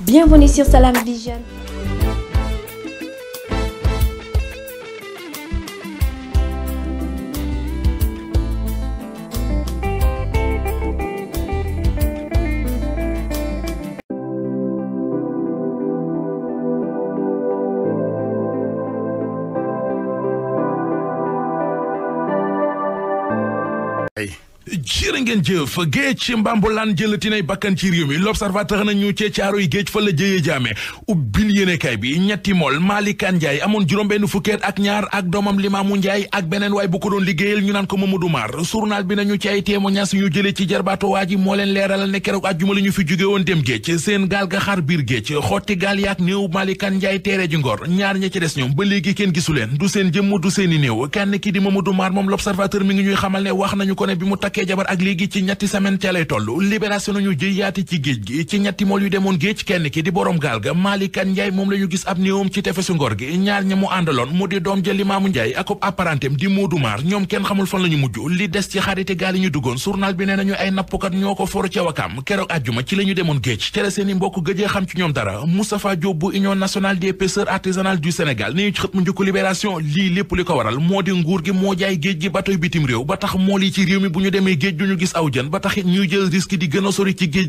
Bienvenue sur Salam Vision. Hey. jërë ngeen jëf géej ci mbambulaan jëlatinay bakkan ci réew mi l'observateur nañu ci caaroy géej fa la jëyee jaame ubbil yéenekaay bi ñetti mool Malikaan Njaay amoon juróom-benn fukkeet ak ñaar ak doomam Limaamu Njaay ak beneen waay bu ko doon liggéeyal ñu naan ko Mamadou Mar journal bi nañu ci ay témoignage ñu jëlee ci jarbaatu waa moo leen leeral ne keroog àjjuma la ñu fi jóge woon dem géej seen gaal ga xar biir géej xotti gaal yaak néew ña ci des ñoom ba léegi kenn gisu leen du seen jëmm du seeni néew kenn ki mu takkee jabar ak léegi ci ñetti semaine ca lay toll libération jëy yaati ci géej gi ci ñetti mool yu demoon géej kenn ki di borom gaal ga Malikan Njaay moom la ñu gis ab néewam ci tefesu Ngor gi ñaar ña mu àndaloon mu di doom ja Limaamu Njaay ak ab apparentam di Moodu Maar ñoom kenn xamul fan la mujj li des ci xaarite gaal yi ñu duggoon journal bi nee nañu ay nappkat ñoo ko foro ca keroog àjjuma ci la demoon géej ca seeni mbokk gëjee demee géej duñu gis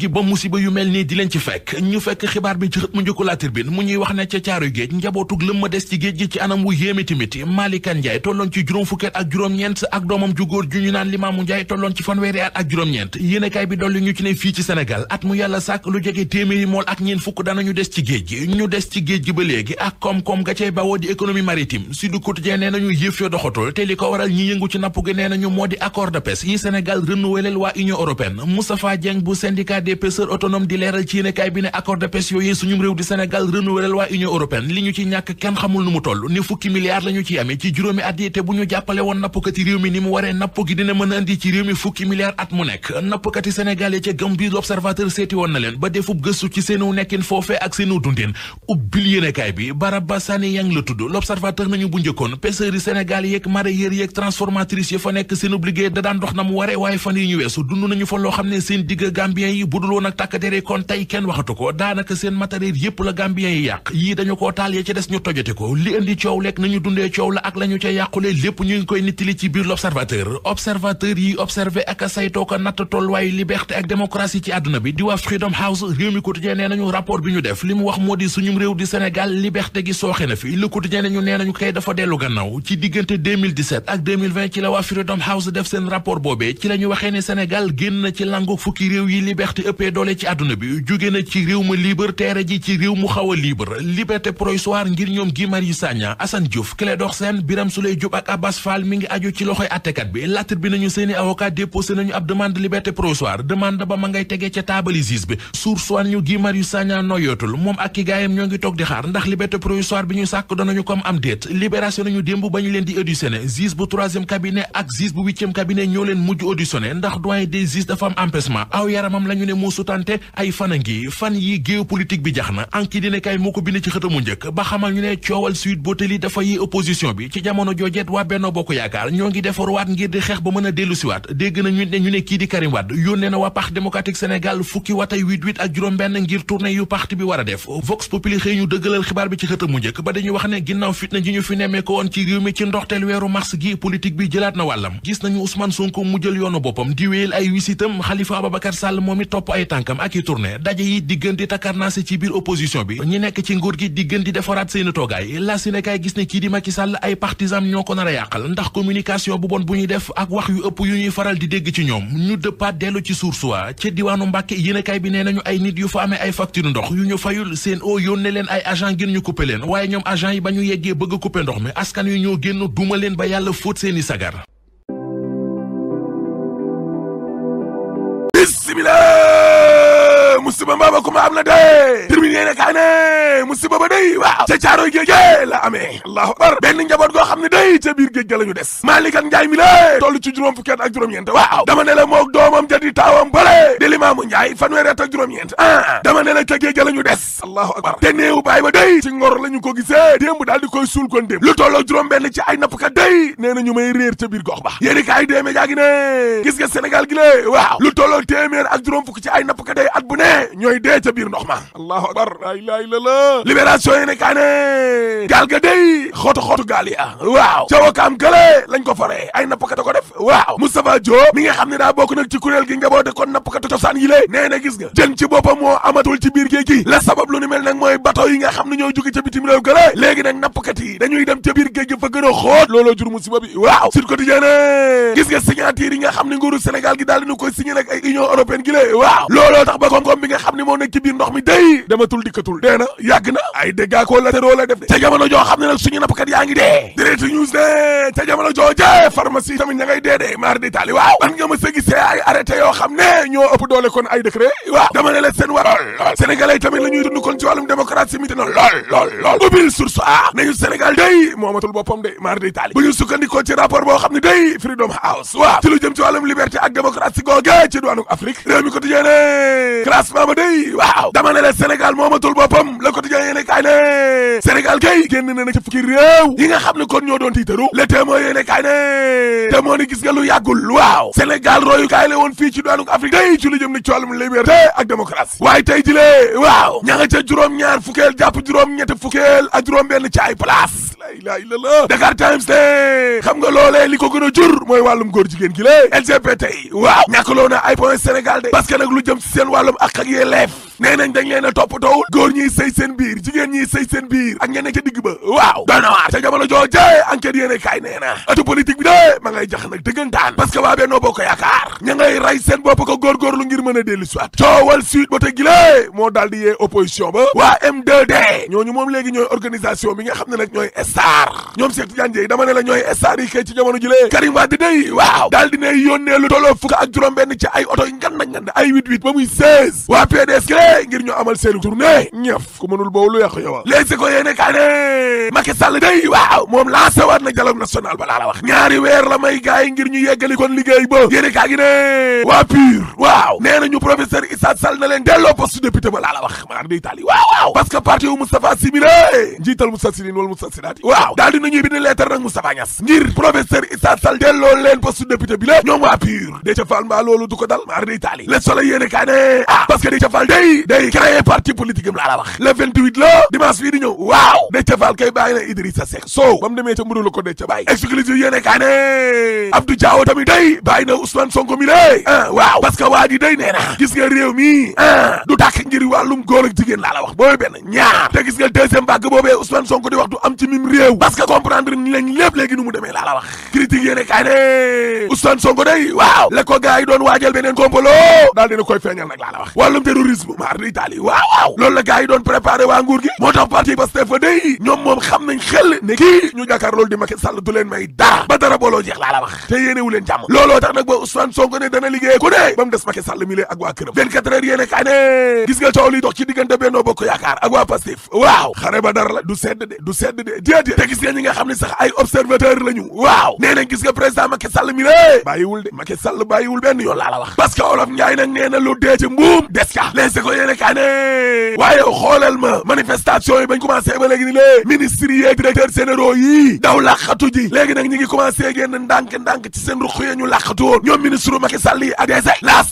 gi ba musiba yu mel nii bi ci xët mu wax ne ca caaru géej njabootug lëmma des ci géej gi ci anam wu yéeme tamit Njaay tolloon ci juróom fukki ak juróom-ñeent ak doomam ju góor ju ñu naan Limaamu Njaay tolloon ci fanweeri at ak juróom-ñeent yéenekaay bi dolli ñu ci ne fii ci Sénégal at mu yàlla sàkk lu jege téeméeri mool ak ñeen fukk danañu des ci géej gi ñu des ci géej gi ba léegi ak koom-koom ga di économie maritime Sud Quotidien nee nañu yëf yo doxatul te li ko waral ñi yëngu ci napp gi nee nañu moo di accord de Sénégal renouvelel waa Union européenne Moustapha Dieng bu syndicat des pêcheurs autonomes di leeral ci yéenekaay bi ne accord de yi te bu ñu jàppale woon nappkati a yi fa nekk seen obligé da daan dox na mu waree pare waaye fan yi ñu weesu dund nañu fa loo xam ne seen digg gambien yi budul woon ak takk dere kon tey kenn waxatu ko daanaka seen matériel yépp la gambien yi yàq yii dañu ko taal ya ci des ñu tojate ko li indi coow lekk nañu dundee coow la ak la ñu ca yàqule lépp ñu ngi koy nittali ci biir l'observateur observateur yi observé ak saytoo ko natt tolluwaay liberté ak démocratie ci àdduna bi di waa Freedom House réew mi quotidien nee nañu rapport bi ñu def li mu wax moo di suñum réew di Sénégal liberté gi sooxe na fi ñu nee nañu kay dafa dellu gannaaw ci diggante 2017 ak 2020 ci la waa Freedom House def seen ci la ñu waxee ne Sénégal génn na ci langu fukki réew yi liberté ëppee doole ci àdduna bi jóge na ci réew ma libre teere ji mu xaw a libre liberté provisoire ngir ñoom Guy Marius Sagna Assane Diouf Clédor Sène Birame Souleye Diop ak Abbas Fall mi ngi aju ci loxoy attekat bi latir bu troisième cabinet ak juge bu huitième cabinet ñoo leen mujj mujj auditionné ndax doyen des dafa am aw yaramam la ne moo ay fan a ngi fan yi géopolitique bi jax na anki dina kay moo ko bind ci xëtamu njëkk ba xamal ñu ne coowal Sweet Beauté dafa yi opposition bi ci jamono joojeet waa Benno Bokk Yaakaar ñoo ngi defaruwaat ngir di xeex ba mën a dégg na ne ñu ne kii di Karim yónnee na waa Parti démocratique Sénégal fukki watay 88 ak juróom benn ngir tournée yu parti bi war def Vox Populi jël yoonu boppam di wéyal ay wisitam Khalifa Ababacar sàll moom it topp ay tànkam ak i tournée daje yi di gën di takkarnaase ci biir opposition bi ñi nekk ci nguur gi di gën di defaraat seeni toogaay la si nekkaay gis ne kii di Macky Sall ay partisan ñoo ko nar a yàqal ndax communication bu bon bu ñuy def ak wax yu ëpp yu ñuy faral di dégg ci ñoom ñu dëppaat dellu ci suur suwa ca diwaanu Mbàkke yéenekaay bi nee nañu ay nit yu fa amee ay facture ndox yu ñu fayul seen o yónnee leen ay agent ngir ñu couper leen waaye ñoom agent yi ba ñu yeggee bëgg couper ndox mi askan yu ñoo génn duma ba yàlla fóot seeni sagar bismillah musiba mbaaba ku ma am na de terminé yéene kaay ne musiba ba day waaw ca caaro géej la amee allahu akbar benn njaboot goo xam ne day ca biir géej ga la ñu des Malick ak Njaay mi la toll ci juróom fukki at ak juróom-ñeent waaw dama ne la moog doomam ja di taawam bale di limaamu Njaay fanweer at ak juróom-ñeent ah, ah dama ne la ca géej la ñu des allahu akbar te néewu baay ba day ci ngor la ñu ko gisee démb daal di koy suul kon démb lu tolloo juróom benn ci ay nappkat day nee na ñu may réer biir gox ba yéeni kaay dee média gi ne gi la waaw lu tolloo téeméer ci ay nappkat day bu ne ne ñooy dee ca biir ndox ma allahu akbar la ilaha illallah libération yi ne kaa gaal ga day xootu xootu gaal yi waaw ca wakaam gële lañ ko faree ay nappkata ko def waaw Moustapha Diop mi nga xam ne daa bokk nag ci kuréel gi njaboote kon nappkatu cosaan yi lée nee na gis nga jën ci boppam moo amatul ci biir géej gi la sabab lu ni mel nag mooy bateau yi nga xam ne ñoo jóge ca bitim réew gële léegi nag nappkat yi dañuy dem ca biir géej gi fa gën a xóot gi daal dina nga xam ne moo biir ndox mi day dematul dikkatul dee na yàgg na ay dégâts collatéraux la def de ca jamono joo xam ne nag suñu nappkat yaa ngi dee de maar di taali waaw man nga ma sa gisee ay arrêté yoo xam ne ñoo ëpp doole kon ay décret waaw dama ne la seen war lool sénégalais la ñuy dund kon ci wàllum démocratie mi dina lool lool lool ubbil source a nañu sénégal day moomatul boppam de maar di taali bu ñu sukkandikoo ci rapport boo xam ne day freedom house waaw ci lu jëm waaw dama ne la Sénégal moomatul boppam Le Quotidien yéene kaay ne Sénégal kay génn na na ci fukki réew yi nga xam ne kon ñoo doon tiitaru Le Témoin yéene kaay ne te moo ni gis nga lu yàggul waaw Sénégal royu kaay la woon fii ci daanuk Afrique day ci lu jëm ni ci wàllum liberté ak démocratie waaye tey jilee waaw ña nga ca juróom-ñaar fukkeel jàpp juróom ñet fukkeel ak juróom-benn ci ay place la ilaha illallah Dakar Times ne xam nga loolee li ko gën a jur mooy wàllum góor jigéen gi lé LGBT yi waaw ñàkkaloo na ay point Sénégal de parce que lu jëm ci seen wàllum ak ak yee nee dañ leen a toppatoowul góor ñiy sëy seen biir jigéen ñiy sëy seen biir ak ñeneen ca digg ba waaw donawaar ca jamono jooje enquête yéene kaay nee na atu politique bi de ma ngay jax nag dëggantaan parce que waa Benno Bokk Yaakaar ña rey seen bopp ko góorgóorlu ngir mën a dellu siwaat coowal suite ba te gilee moo daal di yee opposition ba waa M2D ñooñu moom léegi ñooy organisation bi nga xam ne nag ñooy star ñoom Cheikh Tidiane Dièye dama ne yi kay ci jamono jilee Karim Wade day waaw ngir ñu amal seen tournée ñëf ku mënul boobu lu yàq yow ah. les si ko yéene kaa ne Macky waaw moom lancé waat na dialogue national ba laa la wax ñaari weer la may gaay ngir ñu yeggali liggéey ba yéene kaa gi ne waaw nee nañu professeur Issa Sall na leen delloo poste député ba laa la wax maar day taali waaw waaw parce que parti wu Moustapha Sy bi ne njiital Moustassidine wala Moustassidati waaw daal dinañuy nag Moustapha Niass ngir professeur Issa gi day créer parti politique am laa la wax la dimanche bii di ñëw waaw Déthié Fall kay bàyyi na Idrissa Seck soow ba demee ca mburu la ko Déthié bàyyi exclusive yéene kaa ne Abdou Diaw tamit day bàyyi na Ousmane Sonko mi lé ah waaw parce que waa ji day nee na gis nga réew mi ah du tàkk ngir wàllum góor ak jigéen laa la wax boobu benn ñaar te gis nga deuxième vague boobee Ousmane Sonko di wax am ci mim réew parce que comprendre ni lañ demee laa wax critique départ de du sedd te gis nga ñi nga xam ne sax ay observateur la ñu waaw nee gis nga président Macky Sall mi lee bàyyiwul de Macky Sall bàyyiwul benn yoon laa la wax parce olof Njaay nag lu dee mbuum des ka ba yéene kaa ne waaye xoolal ma manifestation yi bañ commencé ba léegi ni lée ministres yi directeur généraux yi daw làqatu ji léegi nag ñi ngi commencé génn ndànk-ndànk ci seen ruq yi ñu làqatu woon ñoom ministre Macky Sall yi ak dese laas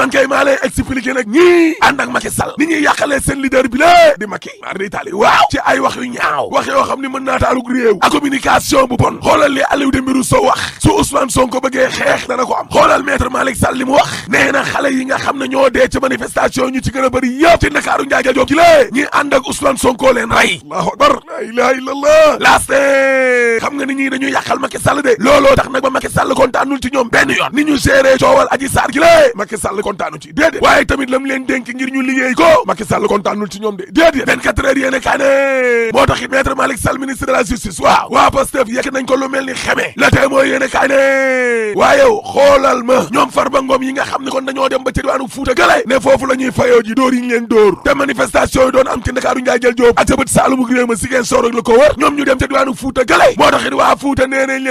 man kay maa lay expliqué nag ñii ànd ak Macky Sall ni ñuy yàqalee seen leader bi la di Macky maa di taali waaw ci ay wax yu ñaaw wax yoo xam ni mën naa taalug réew ak communication bu bon xoolal li Aliou Dembourou Sow wax su Ousmane Sonko bëggee xeex dana ko am xoolal maître Malick li mu wax yi xam ne ñoo dee ci manifestation élection ñu ci gën a bëri yëpp ci Ndakaaru Njaay ja Joob ñi ànd ak Ousmane Sonko leen rey allahu akbar la ilaha illallah laaste xam nga ni ñu dañuy yàqal Macky sal de looloo tax nag ba sal Sall kontaanul ci ñoom benn yoon ni ñu géré coowal Adji Sarr gi lée Macky Sall kontaanu ci déedéet waaye tamit lam leen dénk ngir ñu liggéey ko Macky Sall kontaanul ci ñoom de déedéet 24 heures yéene kaane moo tax it maître Malick Sall ministre de la justice waaw waa Pastef ko lu mel ni xeme la tey mooy yéene kaane waaye xoolal ma xam ne kon dañoo dem ba ca fayoo ji dóor yi ñu leen dóor te manifestation yi doon am ci Ndakaaru Njaay jël Jóob ak sa saalumuk réew ma Ziguinchor ak la ko wër ñoom ñu dem ca diwaanu Fuuta gale moo tax it waa Fuuta nee nañ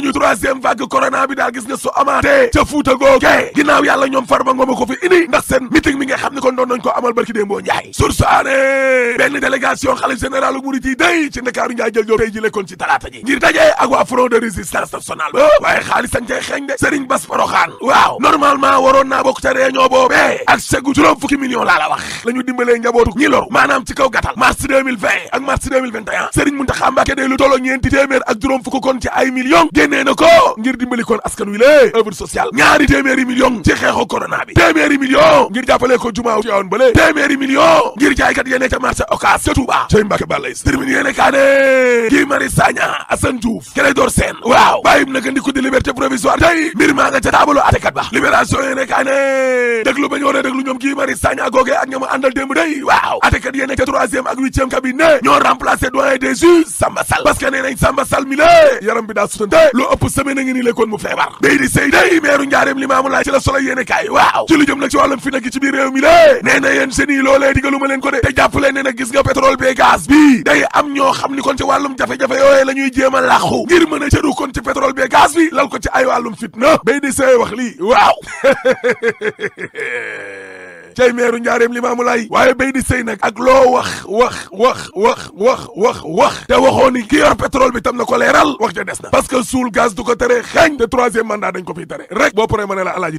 leen eh vague corona bi daal gis nga su amaatee ca Fuuta googee ginnaaw yàlla ñoom Farba Ngom ko fi indi ndax seen meeting mi nga xam ne kon doon nañ ko amal barki démboo Njaay source aane benn délégation xalif général murit yi day ci Ndakaaru Njaay jël ji lekkoon ci talaata waaye xaalis añ cay xeeñ de Serigne Bass Porokhane waaw normalement waroon naa bokk ca réunion boobee ak segu juróom fukki million laa wax la dimbalee njabootu ñi maanaam ci kaw gàttal mars 2020 ak mars 2021 Serigne Mountakha Mbacké day lu tolloo ñeenti téeméer ak juróom fukk kon ci ay millions génnee na ko ngir dimbali askan wi lée œuvre ñaari téeméeri million ci xeexu corona bi million ngir jàppalee ko jumaa ca marché andi ko di liberté provisoire tey mbir maa nga ca taabalu atekat ba libération yéene kaa ne ba ñu war a ñoom kii mari Sagna ak ñoom àndal démb day waaw atekat yéene ca troisième ak huitième cabinet ñoo remplacé doyen des juges Samba Sall parce nee nañ Samba Sall mi la yaram bi daa sutante lu ëpp semaine a ngi nii lekkoon mu feebar day di sëy day meeru njaareem li maamu laa ci la solo yéene kaay waaw ci lu jëm nag ci wàllum fi nag ci biir réew mi la nee na yéen seen a a cëru laas bi lal ko ci ay wàllum fitna bay di sey wax lii waaw cay meeru njaareem limaamu laay waaye béy di sey nag ak loo wax wax wax wax wax wax wax te waxoo ni ki yor pétrole bi tam na ko leeral wax ja des na parce que suul gaz du ko tere xeeñ te troisième mandat dañ ko fiy tere rek boo paree ma ne la alaaji